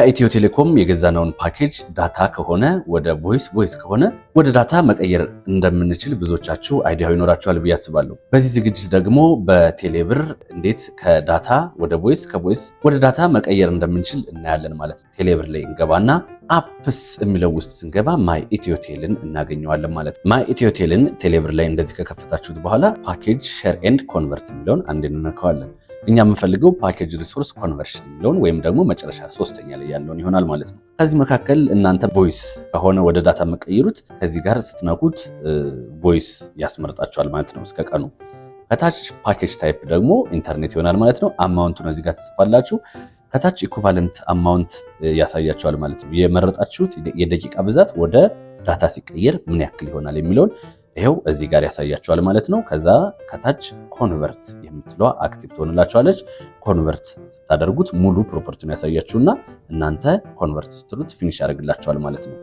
ከኢትዮ ቴሌኮም የገዛነውን ፓኬጅ ዳታ ከሆነ ወደ ቮይስ፣ ቮይስ ከሆነ ወደ ዳታ መቀየር እንደምንችል ብዙዎቻችሁ አይዲያው ይኖራችኋል ብዬ አስባለሁ። በዚህ ዝግጅት ደግሞ በቴሌብር እንዴት ከዳታ ወደ ቮይስ፣ ከቮይስ ወደ ዳታ መቀየር እንደምንችል እናያለን ማለት ነው። ቴሌብር ላይ እንገባና አፕስ የሚለው ውስጥ ስንገባ ማይ ኢትዮቴልን እናገኘዋለን ማለት ነው። ማይ ኢትዮቴልን ቴሌብር ላይ እንደዚህ ከከፈታችሁት በኋላ ፓኬጅ ሼር ኤንድ ኮንቨርት የሚለውን አንድ እንነካዋለን። እኛ የምንፈልገው ፓኬጅ ሪሶርስ ኮንቨርሽን የሚለውን ወይም ደግሞ መጨረሻ ሶስተኛ ላይ ያለውን ይሆናል ማለት ነው። ከዚህ መካከል እናንተ ቮይስ ከሆነ ወደ ዳታ የምቀይሩት ከዚህ ጋር ስትነኩት ቮይስ ያስመርጣቸዋል ማለት ነው እስከ ቀኑ። ከታች ፓኬጅ ታይፕ ደግሞ ኢንተርኔት ይሆናል ማለት ነው። አማውንቱን እዚህ ጋር ትጽፋላችሁ። ከታች ኢኩቫለንት አማውንት ያሳያቸዋል ማለት ነው። የመረጣችሁት የደቂቃ ብዛት ወደ ዳታ ሲቀየር ምን ያክል ይሆናል የሚለውን ይሄው እዚህ ጋር ያሳያቸዋል ማለት ነው። ከዛ ከታች ኮንቨርት የምትለዋ አክቲቭ ትሆንላቸዋለች ኮንቨርት ስታደርጉት ሙሉ ፕሮፐርቲውን ያሳያችሁና እናንተ ኮንቨርት ስትሉት ፊኒሽ ያደርግላቸዋል ማለት ነው።